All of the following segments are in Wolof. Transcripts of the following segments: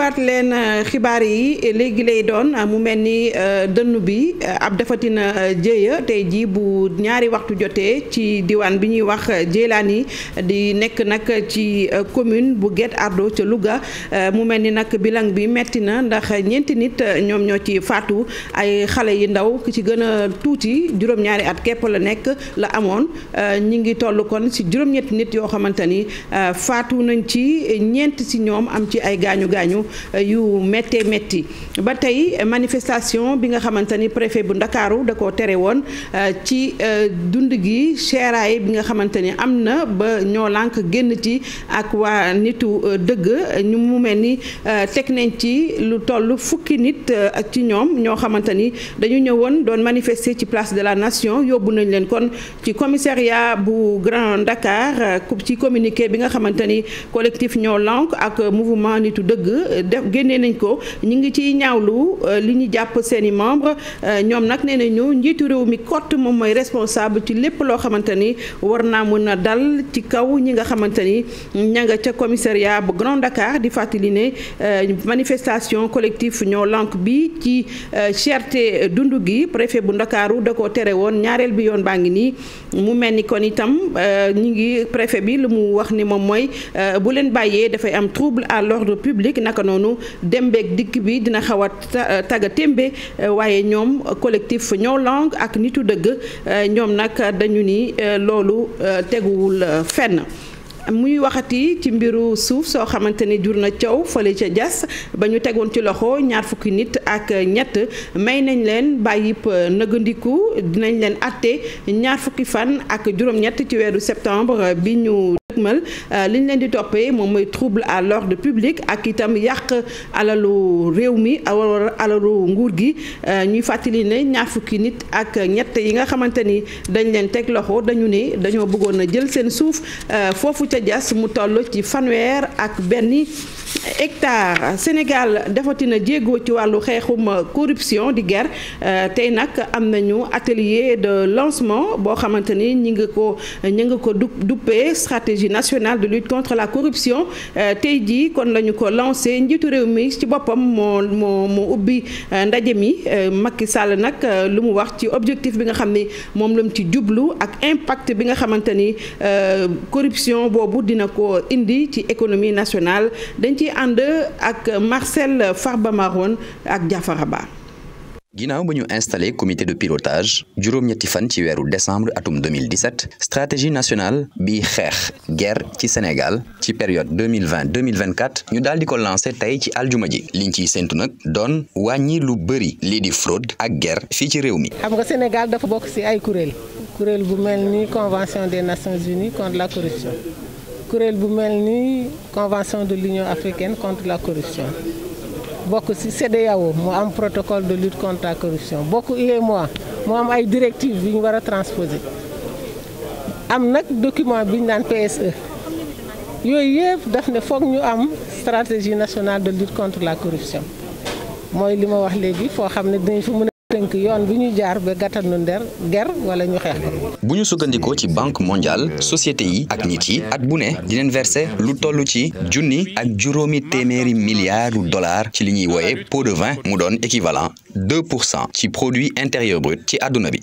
indiwaat leen euh, xibaar yi léegi lay doon mu mel ni euh, dënn bi euh, ab defatina jéeya tey jii bu ñaari waxtu jotee ci diwaan bi ñuy wax Jéelaani di nekk nag ci commune bu get Ardo ca Louga mu mel ni nag bilang bi metti na ndax ñeenti nit ñoom ñoo ci faatu ay xale yi ndaw ki ci gën a tuuti juróom-ñaari at képp la nekk la amoon ñu ngi toll kon ci juróom-ñetti nit yoo xamante ni faatu nañ ci ñeent ci ñoom am ci ay gaañu gaañu yu méttee métti ba tey manifestation bi nga xamante ni préfet bu ndakaaru da koo tere woon euh, ci euh, dund gi seeraay bi nga xamante ni am na ba ñoo lànk génn ci ak waa nitu euh, dëgg ñu mu mel ni teg nañ ci lu toll fukki nit ak ci ñoom ñoo xamante ni dañu ñëwoon doon manifester ci place de la nation yóbbu nañ leen kon ci commissariat bu Grand Dakar ci communiqué bi nga xamante ni collectif ñoo lànk ak mouvement nitu dëgg def génnee nañ ko ñu ngi ciy ñaawlu euh, li ñu jàpp seen i membre euh, ñoom nag nee nañu njiitu réew mi kott moom mooy responsable ci lépp loo xamante ni war naa mën a dal ci kaw ñi nga xamante ni ña ca commissariat bu Grand Dakar di fàttali ne euh, manifestation collectif ñoo lank bi ci cherté dund gi préfet bu Ndakaaru da koo tere woon ñaareel bi yoon baa ngi nii mu mel ni kon itam ñi ngi préfet bi lu mu wax ni moom mooy bu leen bàyyee dafay am trouble à l'ordre noonu dem dikk bi dina xaw a tagga euh, témbe euh, waaye ñoom collectif ñoo langue ak nitu dëgg euh, ñoom nag dañu ni loolu teguwul fenn muy waxati ci mbiru suuf soo xamante ni jur na coow fële ca jas ba ñu tegoon ci loxo ñaar fukki nit ak ñett may nañ leen bàyyip euh, nëgandiku dinañ leen atte ñaar fukki fan ak juróom-ñett ci weeru septembre bi ñu dëgmal euh, li ñu leen di toppee moom mooy trouble à l'ordre public ak itam yàq alalu réew mi wala alalu nguur gi euh, ñuy fàttali ne ñaar fukki nit ak ñett yi nga xamante ni dañ leen teg loxo dañu ne dañoo bëggoon a jël seen suuf foofu ca Issa mu toll ci fanweer ak benn hectare Sénégal defatina jéego ci wàllu xeexum corruption di guerre euh, tey nag am nañu atelier de lancement boo xamante ni ñi ngi ko ñi ngi ko duppee stratégie nationale de lutte contre la corruption euh, tey jii kon lañu ko lancé njiitu réew mi ci boppam moo moo ubbi euh, ndaje mi Macky Sall nag lu mu wax ci objectif bi nga xam ni moom la ci jublu ak impact bi nga xamante ni corruption boobu dina ko indi ci économie nationale dañ ci ànd ak Marcel Farba Maroon ak Diafara Ba ginnaaw ba ñu installé comité de pilotage juróom-ñetti fan ci weeru décembre atum 2017 stratégie nationale bi xeex guerre ci Sénégal ci période 2020 2024 ñu daal di ko lancé tey ci aljuma ji liñ ciy séntu nag doon wàññi lu bëri lii di fraude ak ger fii ci réew mi. xam nga Sénégal dafa bokk ci ay kuréel kuréel bu mel ni convention des nations unies contre la corruption. kuréel bu mel ni convention de l'union africaine contre la corruption bokk ci CEDEAO mu am protocole de lutte contre la corruption bokk UEMOA mu am ay directives yu ñu war a transposer am nag document bi ñu naan PSE yooyu yëpp daf ne foog ñu am stratégie nationale de lutte contre la corruption mooy li ma wax léegi foo xam ne dinañ fa mën tënk yoon bi ñu jaar ba gàttanu wala ñu xeex bu ñu sukkandikoo ci banque mondial société yi ak nit yi at bu ne di leen verser lu toll ci junni ak juróomi téeméeri milliards dollars ci li ñuy wooye pot de vin mu doon équivalent deux pour cent ci produit intérieur brut ci àdduna bi.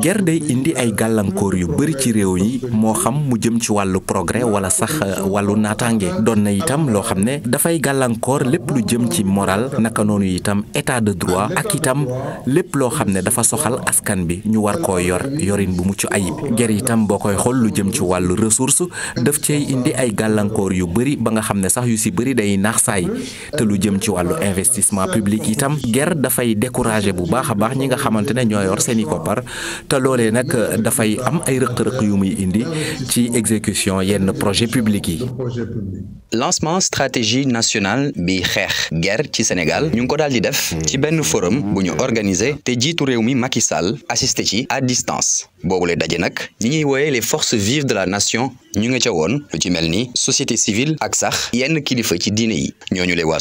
guerre day indi ay gàllankoor yu bëri ci réew yi moo xam mu jëm ci wàllu progrès wala sax wàllu naataange doon na itam loo xam ne dafay gàllankoor lépp lu jëm ci moral naka noonu itam état de droit ak itam lépp loo xam ne dafa soxal askan bi ñu war koo yor yorin bu mucc ayib ger itam boo koy xool lu jëm ci wàllu ressource daf cay indi ay gàllankoor yu bëri ba nga xam ne sax yu si bëri day naax saay te lu jëm ci wàllu investissement public. publique itam ger dafay décourager bu baax a baax ñi nga xamante ñooy ñoo yor seen i koppar te loole nag dafay am ay rëq-rëq yu muy indi ci exécution yenn projet public yi. lancement stratégie nationale bi xeex ger ci Sénégal ñu ngi ko daal di def ci benn forum bu ñu organiser te jiitu réew mi Macky Sall assisté ci à distance boobu la daje nag ñu ngi wooyee les force vives de la nation ñu nga ca woon lu ci mel ni société civile ak sax yenn kilifa ci diine yi ñooñu le waa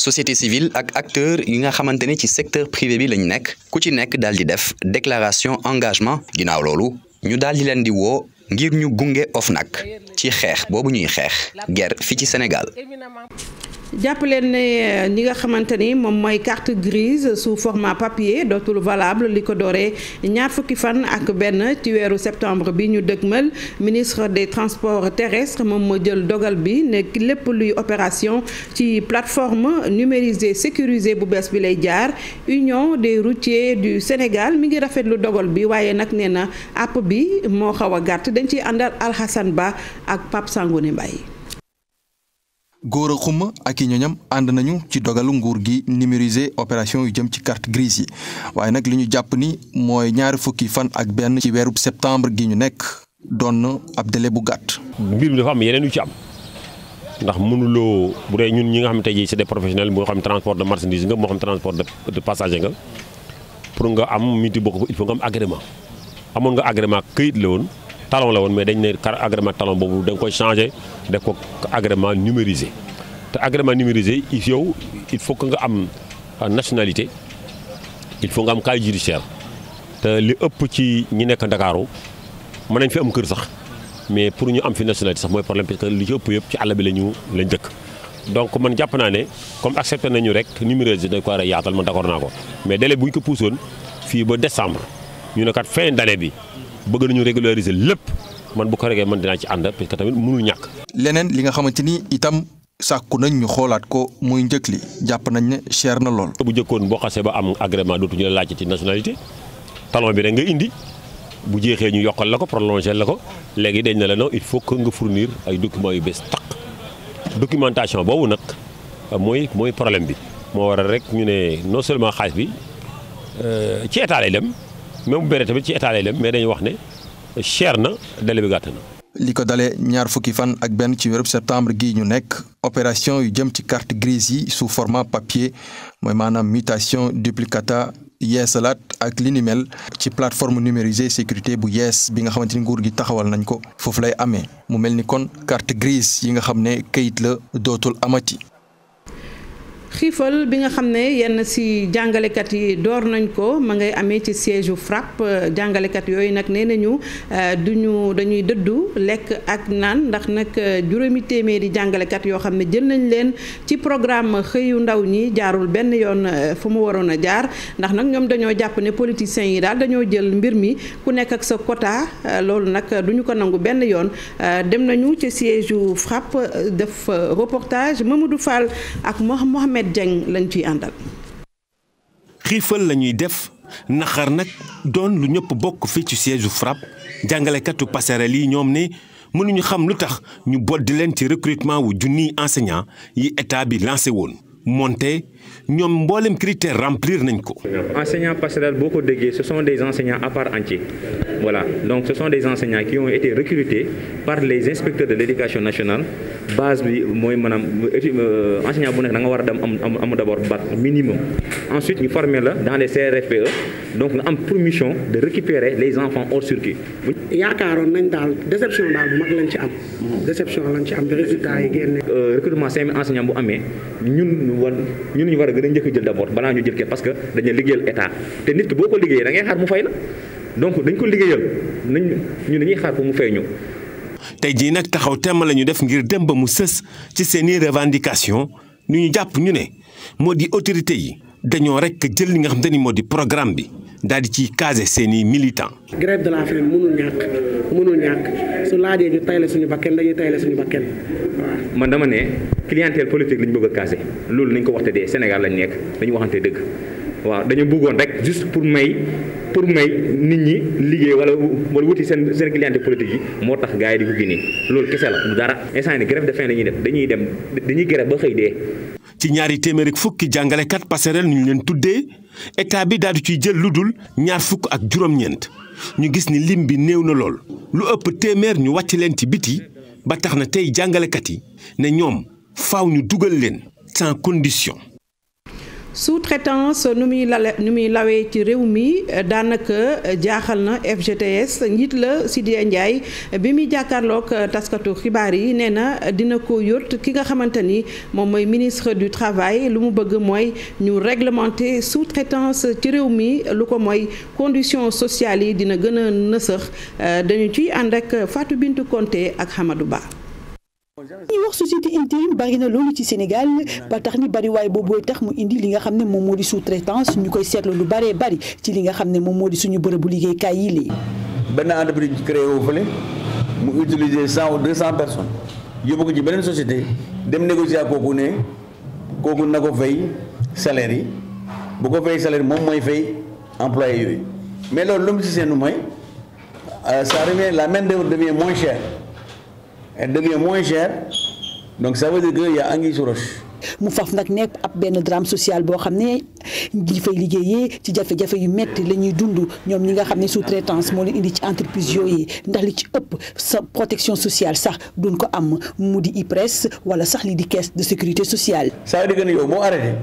xamante ni ci secteur privé bi lañu nekk ku ci nekk daal di def déclaration engagement ginnaaw loolu ñu daal di leen di woo ngir ñu gunge nag ci xeex boobu ñuy xeex ger fii ci Sénégal jàpp leen ne euh, ñi nga xamante ni moom mooy carte grise sous format papier dootul valable li ko dooree ñaar fukki fan ak benn ci weeru septembre bi ñu dëgmal ministre des transports terrestres moom moo jël dogal bi ne lépp luy opération ci plateforme numérisée sécurisée bu bees bi lay jaar union des routiers du Sénégal mi ngi rafetlu dogal bi waaye nag nee na app bi moo xaw a gàtt dañ ciy àndal Alhassane Ba ak Pape Sangoné Mbaye Gora Khouma ak i ñoñam ànd nañu ci dogalu nguur gi numériser opération yu jëm ci carte grise yi waaye nag li ñu jàpp ni mooy ñaari fukki fan ak benn ci weeru septembre gi ñu nekk doon na ab délai bu gàtt. mbir mi dafa am yeneen yu ci am ndax mënuloo bu dee ñun ñi nga xam ne tey jii c'est moo xam transport de marchandise nga moo xam transport de passager nga pour nga am mutu bokk il faut nga am agrément amoon nga agrément këyit la woon. talon la woon mais dañ ne car agrément talon boobu da nga koy changé def ko agrément numérisé te agrément numérisé yow il faut que nga am nationalité il faut nga am casier judiciaire te li ëpp ci ñi nekk Ndakaaru man nañ fi am kër sax mais pour ñu am fi nationalité sax mooy problème parce que li ci ëpp yëpp ci àll bi la ñu lañ dëkk. donc man jàpp naa ne comme accepté nañu rek numérisé dañ ko war a yaatal man d'accord naa ko mais délai bu ñu ko puusoon fii bëgg nañu régulariser lépp man bu ko régee man dinaa ci ànd parce que tamit mënul ñàkk. leneen li nga xamante ni itam sàkku nañ ñu xoolaat ko muy njëkk li jàpp nañ ne cher na lool. bu njëkkoon boo xasee ba am agrément dootuñu la laaj ci nationalité talon bi rek nga indi. bu jeexee ñu yokkal la ko prolongé la ko léegi dañ ne la non il faut que nga fournir ay documents yu bees taq documentation boobu nag mooy mooy problème bi moo waral rek ñu ne non seulement xaalis bi euh, ci état lay dem. même bu béré tamit ci état lay dem mais dañu wax ne cher na délai bi gàtt na. li ko dalee ñaar fukki fan ak benn ci weeru septembre gi ñu nekk opération yu jëm ci carte grise yi sous format papier mooy maanaam mutation duplicata yeesalaat ak li ci plateforme numérisée sécurité bu yees bi nga xamante ni nguur gi taxawal nañ ko foofu lay amee mu mel ni kon carte grise yi nga xam ne kayit la dootul amati. xiifal bi nga xam ne yenn si jàngalekat yi door nañ ko ma ngay amee ci siège yu FRAPP euh, jàngalekat yooyu nag nee nañu euh, duñu dañuy dëddu lekk ak naan ndax nag euh, juróomi téeméeri jàngalekat yoo xam ne jël nañ leen ci programme xëyu ndaw ñi jaarul benn yoon fu mu waroon a jaar ndax nag ñoom dañoo jàpp ne politiciens yi daal dañoo jël mbir mi ku nekk ak sa quota loolu nag duñu ko nangu benn yoon dem nañu ci siège yu FRAPP def reportage Mamadou Fall ak Mohamed Ahmed lañ ciy àndal. xiifal la ñuy def naxar nag doon lu ñëpp bokk fii ci siège FRAPP jàngalekatu passerelle yi ñoom ne mënuñu xam lu tax ñu boddi leen ci recrutement wu junniy enseignant yi état bi lancé woon monte ñoom mboolem critère remplir nañ ko. enseignants passerelles boo ko déggee ce sont des enseignants à part entière voilà donc ce sont des enseignants qui ont été recrutés par les inspecteurs de l'éducation nationale base bi mooy maanaam euh, enseignant bu nekk da war a dem am am d'abord minimum ensuite ñu former la dans les CRFPE donc nga am permission de récupérer les enfants hors circuit. yaakaaroon nañ daal déception daal bu mag lañ ci am. déception euh, a ga dañ njëkk jël d'abord balaa ñu jël kenn parce que dañu liggéeyal état te nit ki boo ko liggéeyee da ngay xaar mu fay la donc dañ ko liggéeyal nañ ñu dañuy xaar ko mu fay ñu. tey jii nag taxaw temm la ñu def ngir dem ba mu sës ci seeni revendication ñu ñu jàpp ñu ne moo di autorité yi dañoo rek jël li nga xam te moo di programme bi daal di ciy casé seen i militants. grève de la faim mënul ñàkk mënul ñàkk su laajee ñu tayle suñu bakken dañuy tayle suñu bakken waaw. man dama ne clientèle politique lañ bëgg a casé loolu nañ ko waxte dee Sénégal lañ nekk dañu waxante dëgg waaw dañu bëggoon rek juste pour may pour may nit ñi liggéey wala wala wuti seen seen clientèle politique yi moo tax gars yi di ko nii loolu kese la du dara instant yii grève de la ñuy def dañuy dem dañuy grève ba xëy dee. ci ñaari téeméer ak fukki jàngalekat nu ñu leen tuddee état bi daal di ciy jël lu dul ñaar fukk ak juróom-ñeent ñu gis ni lim bi néew na lool. lu ëpp téeméer ñu wàcc leen ci biti ba tax na tey jàngalekat yi ne ñoom faw ñu dugal leen sans condition. sous-traitance nu muy lale nu muy lawee ci réew mi daanaka jaaxal na FGTS njiit la Sidya Ndiaye bi muy jàkkaarloog taskatu xibaar yi nee na dina ko yot ki nga xamante ni moom mooy ministre du travail lu mu bëgg mooy ñu réglementer sous-traitance ci réew mii lu ko mooy conditions sociales yi dina gën a nësëx dañu ciy ànd ak Fatou Bintou Konté ak Hamadou Ba. ñuy wax société intérim bari na loolu ci Sénégal ba tax ni bari waaye boobu tax mu indi li nga xam ne moom moo di sous-traitance ñu koy seetlu lu baree bari ci li nga xam ne moom moo di suñu liggéey liggéeykaay yi lii. benn entreprise créé woo fële mu utiliser cent ou deux cent personnes yóbbu ko ci beneen société dem négocier ak kooku ne kooku na ko fay salaire yi bu ko fay salaire moom mooy fay employé yooyu mais loolu lu mu ci seen mooy sa euh, revient la main de devient moins chère. elle devient moins chère donc ça veut que y' a anguille roche. mu faf nag nekk ab benn drame social boo xam ne ñi fay liggéeyee ci jafe-jafe yu metti la ñuy dund ñoom ñi nga xam ne sous-traitance moo leen indi ci entreprise yooyu ndax li ci ëpp sa protection sociale sax duñ ko am mu di IPRES wala sax li di caisse de sécurité sociale. ça veut dire que yow boo arrêté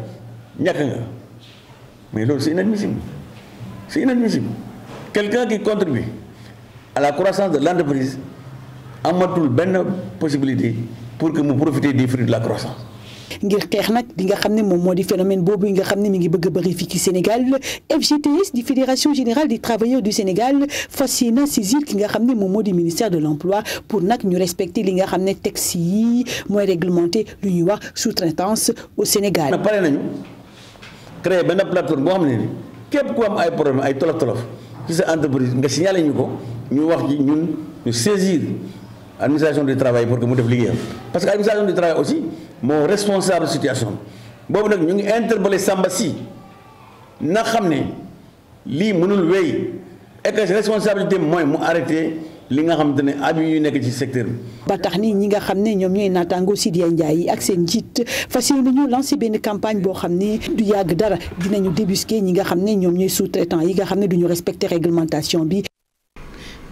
ñàkk nga mais loolu c'est inadmissible c'est inadmissible quelqu'un qui contribue à la croissance de l'entreprise amatul benn possibilité pour que mu profiter des fruits de la croissance. ngir xeex nag li nga xam ne moom moo di phénomène boobu yi nga xam ne mi ngi bëgg a bëri fii ci Sénégal FGTS di fédération générale des travailleurs du Sénégal fas yéene saisir ki nga xam ne moom moo di ministère de l'emploi pour nag ñu respecter li nga xam ne texte yii mooy réglementer lu ñuy wax sous-traitance au Sénégal. na pare nañu créer benn plateforme boo xam ne ni ku am ay problème ay tolof tolof ci sa entreprise nga signalé ñu ko ñu wax ji ñun ñu saisir. administration du travail pour que mu def liggéeyam parce que administration du travail aussi moo responsable situation boobu nag ñu ngi interpellé sàmba si na xam ne lii mënul wéy et que responsabilité mooy mu arrêté li nga xam te ne abus yu nekk ci secteur bi. ba nga xam ne ñoom ñooy naataango Sidya Ndiaye yi ak seen njiit fas yéene ñu lancé benn campagne boo xam ne du yàgg dara dinañu débusquer ñi nga xam ne ñoom ñooy sous-traitants yi nga xam ne du ñu respecté réglementation bi.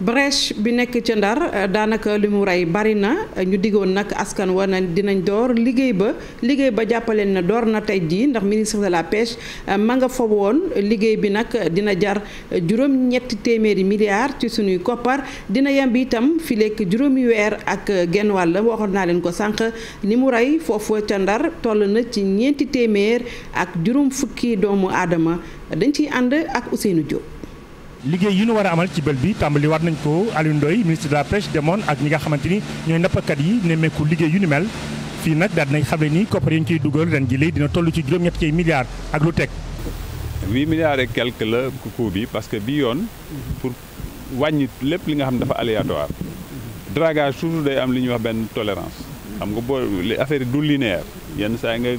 brèche bi nekk ca ndar euh, daanaka li mu rey bari na ñu diggoon nag askan wa na dinañ door liggéey ba liggéey ba jàppaleen na door na tey jii ndax ministre de la pêche euh, ma nga fa woon liggéey bi nag dina jar juróom-ñetti téeméeri milliards ci suñuy koppar dina yemb itam fi lekk juróomi weer ak genn wàll waxoon naa leen ko sànq li mu rey foofu ca ndar toll na ci ñeenti téeméer ak juróom fukki doomu aadama dañ ciy ànd ak Ousseynou Diop. liggéey yi ñu war a amal ci bël bi tàmbali war nañ ko Alioune Ndoye ministre de la pêche demoon ak ñi nga xamante ni ñooy nappkat yi nemmeeku liggéey yu ni mel fii nag daal dinañ xam ne nii koppar yi ñu ciy dugal ren ji lay dina toll ci juróom-ñett ci milliards ak lu teg. huit milliards et quelque la coût bi parce que bi yoon pour wàññi lépp li nga xam ne dafa aléatoire dragage toujours day am li ñuy wax benn tolérance xam nga boo affaire du linéaire yenn saa yi nga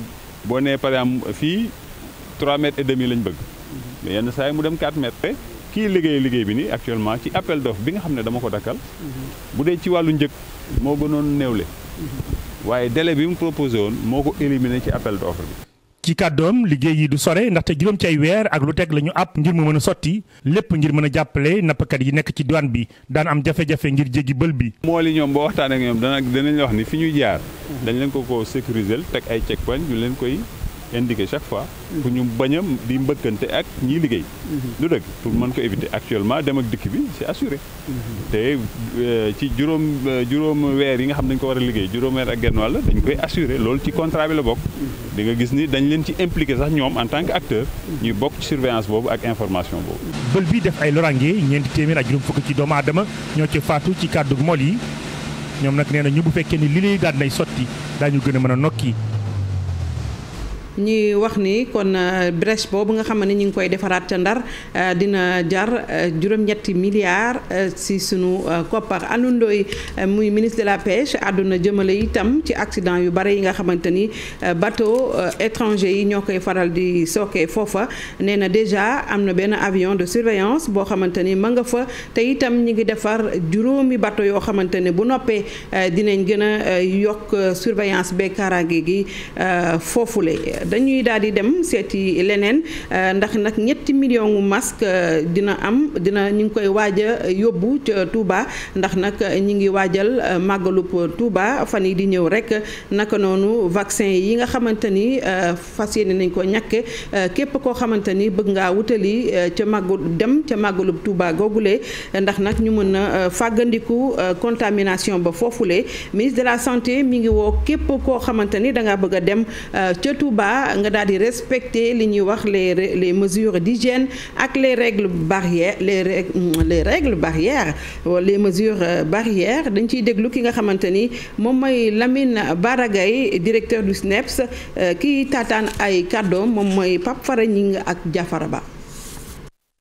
boo nee par exemple fii trois mètres et demi lañ bëgg mais yenn saa mu dem quatre mètres. kii liggéey liggéey bi ni actuellement ci appel d'offre bi nga xam ne dama ko dakkal bu dee ci wàllu njëg moo gënoon le waaye dele bi mu proposé woon moo ko éliminé ci appel d'offre bi ci kàddoom liggéey yi du sore ndaxte juróom ci ay weer ak lu teg la ñu àpp ngir mu mën a sotti lépp ngir mën a jàppale nappkat yi nekk ci diwaan bi daan am jafe-jafe ngir jéggi bël bi moo ñoom boo waxtaaneek ak ñoom dana danañ la wax ni fi ñuy jaar mm-hmm. dañ leen ko ko sécuriser teg ay checkpoint leen koy indiqué chaque fois. pour ñu bañ bi di mbëkkante ak ñii liggéey. Mhm. du dëgg pour mën ko éviter actuellement dem ak dikk bi c'est assuré. Mhm. te euh, ci juróom euh, juróom weer yi nga xam nañ ko war a liggéey juróom weer ak genn wàll dañ koy assuré loolu ci contrat bi la bokk. Mhm. di nga gis ni dañ leen ci impliqué sax ñoom en tant que acteur. ñuy bokk ci surveillance boobu ak information boobu. bël bi def ay loraange ñeenti téeméer ak juróom fukk ci doomu aadama ñoo ci faatu ci kàddu mool yi ñoom nag nee bu fekkee ni li lay daan nay sotti daañu gën a mën a nokki ñuy wax ni kon euh, brèche boobu nga xam ne ñu ngi koy defaraat ca ndar euh, dina jar euh, juróom-ñetti milliards si sunu koppar alundooy muy ministre de la pêche àdduna jëmale itam ci accident yu bare yi nga xamante ni bateau étranger yi ñoo koy faral di sookee foofa nee na déjà am na benn avion de surveillance boo xamante ni ma nga fa te itam ñi ngi defar juróomi bateau yoo xamante ne bu noppee dinañ gën a yokk surveillance beeg gi gi foofule dañuy daal di dem seeti leneen euh, ndax nag ñetti million gu masque euh, dina am dina ñu ngi koy waaja yóbbu ca Touba ndax nag ñi ngi waajal euh, màggalub Touba fan yi di ñëw rek naka noonu vaccin yi nga xamante ni fas yéene nañ ko ñàkke képp koo xamante ni bëgg ngaa wutali ca màggu dem ca màggalub Touba googule ndax nag ñu mën a fàggandiku contamination ba foofule ministre de la santé mi ngi woo képp koo xamante ni dangaa bëgg a dem ca Touba voilà nga daal di respecter li ñuy wax les les mesures d'hygiène ak les règles barrières les mm, les règles barrières wala les mesures euh, barrières dañ ciy déglu ki nga xamante ni moom mooy Lamine Baragay directeur du SNEPS e euh, kii taataan ay kàddoom moom mooy Pape Fara Ñing ak Jafara Ba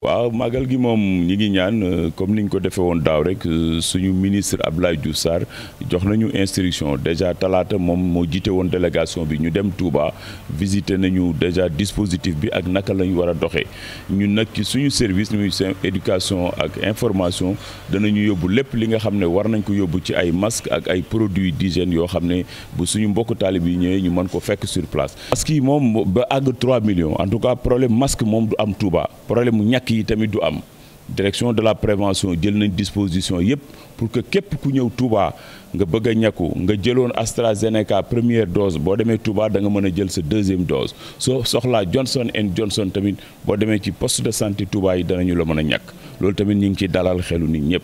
waaw màggal gi moom ñi ngi ñaan euh, comme ni ñu ko defee woon daaw rek euh, suñu ministre ab Diouf Sarr jox nañu instruction déjà talaata moom moo jiite woon délégation bi ñu dem Touba visiter nañu déjà dispositif bi ak naka la ñu war a doxee ñun nag ci suñu service muy seen éducation ak information ñu yóbbu lépp li nga xam ne war nañ ko yóbbu ci ay masque ak ay produits d'hygiène yoo xam ne bu suñu mbokk taalib yi ñëwee ñu mën ko fekk sur place. parce que moom ba àgg 3 en tout cas problème masque moom du am Touba kii tamit du am direction de la prévention jël nañ disposition yëpp pour que képp ku ñëw Touba nga bëgg a ñàkku nga jëloon AstraZeneca première dose boo demee Touba da nga mën a jël sa deuxième dose soo soxlaa Johnson and Johnson tamit boo demee ci post de santé Touba yi danañu la mën a ñàkk loolu tamit ñu ngi ciy dalal xelu nit ñëpp.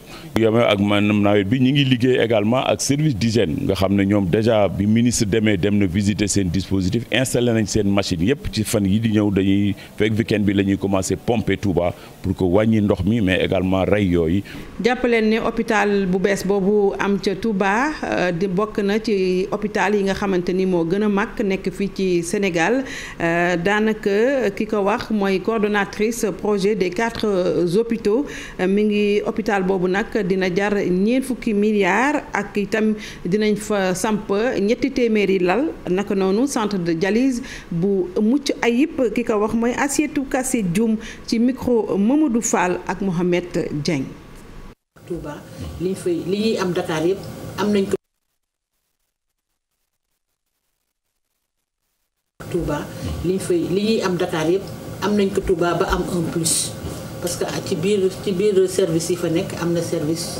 ak man nawet bi ñu ngi liggéey également ak service d'hygiène nga xam ne ñoom déjà bi ministre demee dem na visiter seen dispositif installé nañ seen machine yëpp ci fan yi di ñëw dañuy fekk weekend bi la ñuy commencer pompe Touba. pour que wàññi ndox mi mais également rey yooyu. jàpp leen ne hôpital bu bees boobu am ca Touba euh, di bokk na ci hôpital yi nga xamante ni moo gën a mag nekk fii ci Sénégal euh, daanaka ki ko wax mooy coordonnatrice projet des quatre euh, hôpitaux mi ngi hôpital boobu nag dina jar ñeent fukki milliards ak itam dinañ fa samp ñetti téeméeri lal naka noonu centre de dialyse bu mucc ayib ki ko wax mooy Assietou Kassé Dioum ci micro. du Fall ak Mohamed Dieng. Touba li fa li ñuy am Dakar yëpp am nañ ko. Touba fay li am Dakar yëpp am nañ ko Touba ba am un plus parce que ci biir ci biir service yi fa nekk am na service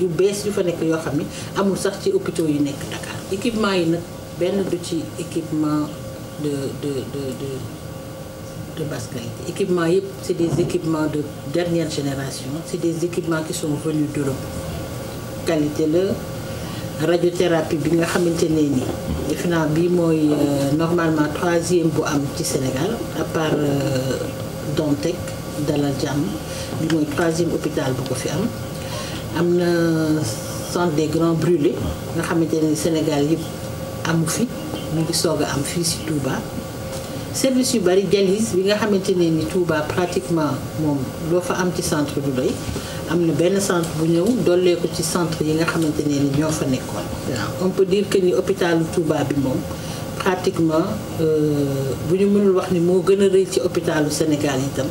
yu bees yu fa nekk yoo xam ne amul sax ci hôpitaux yu nekk Dakar équipement yi nag benn du ci équipement de de de. de basket équipement yëpp c'est des équipements de dernière génération des équipements qui sont venus d'Europe qualité la radiothérapie bi nga xamante ne ni defe bii mooy euh, normalement troisième bu am ci Sénégal à part euh, Dantec Dalal Jàmm bi mooy troisième hôpital bu ko fi am am na centre des grands brûlés nga xamante ne Sénégal yëpp amu fi mu ngi soog a am fii ci Touba service yu bari dialyse bi nga xamante ne ni Touba pratiquement moom loo fa am ci centre du doy am na benn centre bu ñëw dollee ci centre yi nga xamante ne ni ñoo fa nekkoon. waaw on peut dire que ni hôpitalu Touba bi moom pratiquement euh, bu ñu mënul wax ni moo gën a rëy ci hôpitalu Sénégal itam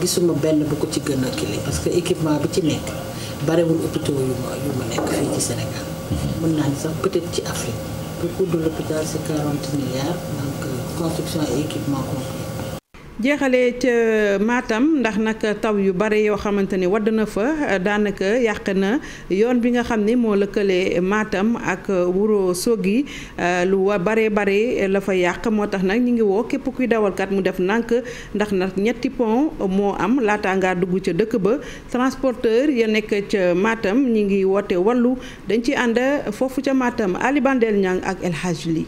gisuma benn bu ko ci gën a kii parce que équipement bi ci nekk barewul hôpitaux yu ma yu ma nekk fii ci Sénégal. Mm-hmm. mën naa ni sax peut-être ci Afrique. le coût de l'hôpital c'est jeexale et équipement compris. ca Matam ndax nag taw yu bare yoo xamante ne wadd na fa daanaka yàq na yoon bi nga xam ne moo lëkkalee maatam ak Wuro Sogi lu wa bare bare la fa yàq moo tax nag ñu ngi woo képp kuy dawalkat mu def ndànk ndax nag ñetti pont moo am laata ngaa dugg ca dëkk ba transporteur ya nekk ca maatam ñi ngi woote wallu dañ ci ànd foofu ca maatam Ali Bandel ak El lii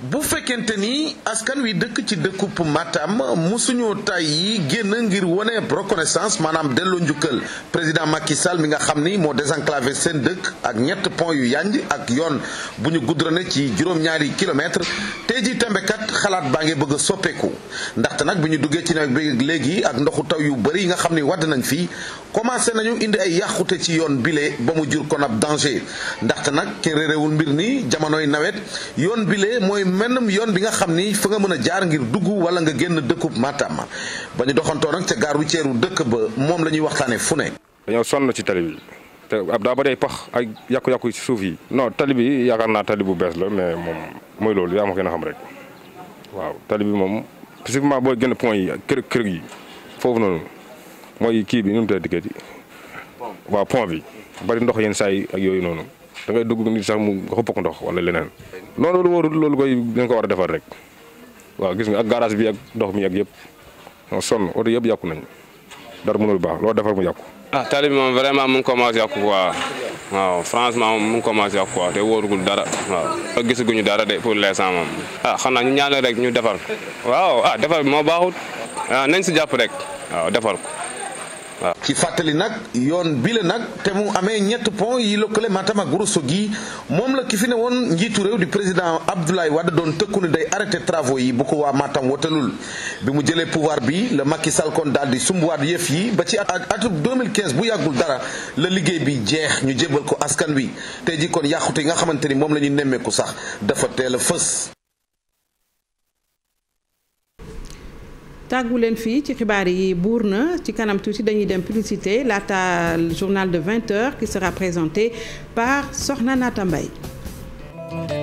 bu fekkente ni askan wi dëkk ci dëkkub Matam musuñu tay yi génn ngir wone reconnaissance maanaam delloo njukkal président Macky sal mi nga xam ni moo désenclavé seen dëkk ak ñett pont yu yanj ak yoon bu ñu goudronné ci juróom-ñaari kilomètre tey ji tembekat xalaat baa ngi bëgg soppeeku ndaxte nag bi ñu duggee ci nawet bi léegi ak ndoxu taw yu bëri yi nga xam ni wadd nañ fii commencé nañu indi ay yàqute ci yoon bile ba mu jur kon ab danger ndaxte nag kenn réerewul ni jamonoy nawet yoon mennum yoon bi nga xam ni fa nga mën a jaar ngir dugg wala nga génn dëkkub Matam ba ñu doxantoo rek ca gare routière u dëkk ba moom la ñuy waxtaane fu ne dañoo sonn ci tali bi te ab daa bari ay pax ay yàqu-yàqu ci suuf yi no tali bi yaakaar naa tali bu bees la mais moom mooy loolu yaa ma gën a xam rek waaw tali bi moom spécifiquement boo gën a point yi kër kër yi foofu noonu mooy kii bi nu mu tëddee dikkati waaw pont bi bari ndox yenn saa yi ak yooyu noonu da ngay dugg nit sax mu xëpp ko ndox wala leneen non loolu warul loolu koy dañ ko war a defar rek waaw gis nga ak garage bi ak ndox mi ak yëpp son oto yëpp yàqu nañ dara mënul baax loo defar mu yàqu. ah tali bi moom vraiment mu ngi commencé yàqu quoi waaw franchement moom mu ngi commencé yàqu quoi te wóorugul dara waaw gisaguñu dara de pour l'instant moom ah xanaa ñu ñaanal rek ñu defar waaw ah defar bi moo baaxut ah nañ si jàpp rek waaw defar ko. ci fàttali nag yoon bile nag te mu amee ñett pont yi lëkkale Matam ak Ourossogui moom la ki fi ne woon njiitu réew di président Abdoulaye Wade doon tëkku ni day arrêté travaux yi bu ko waa Matam wotalul bi mu jëlee pouvoir bi la Macky Sall kon daal di sumbuwaat yëf yi ba ci atub 2015 bu yàggul dara la liggéey bi jeex ñu jébal ko askan wi tey ji kon yàqute yi nga xamante ni moom la ñu nemmeeku sax dafa teel a fës tàggu leen fii ci xibaar yi buur na ci kanam tu tuuti dañuy dem publicité laata journal de 20 heures qui sera présenté par Soxna Nata Mbaye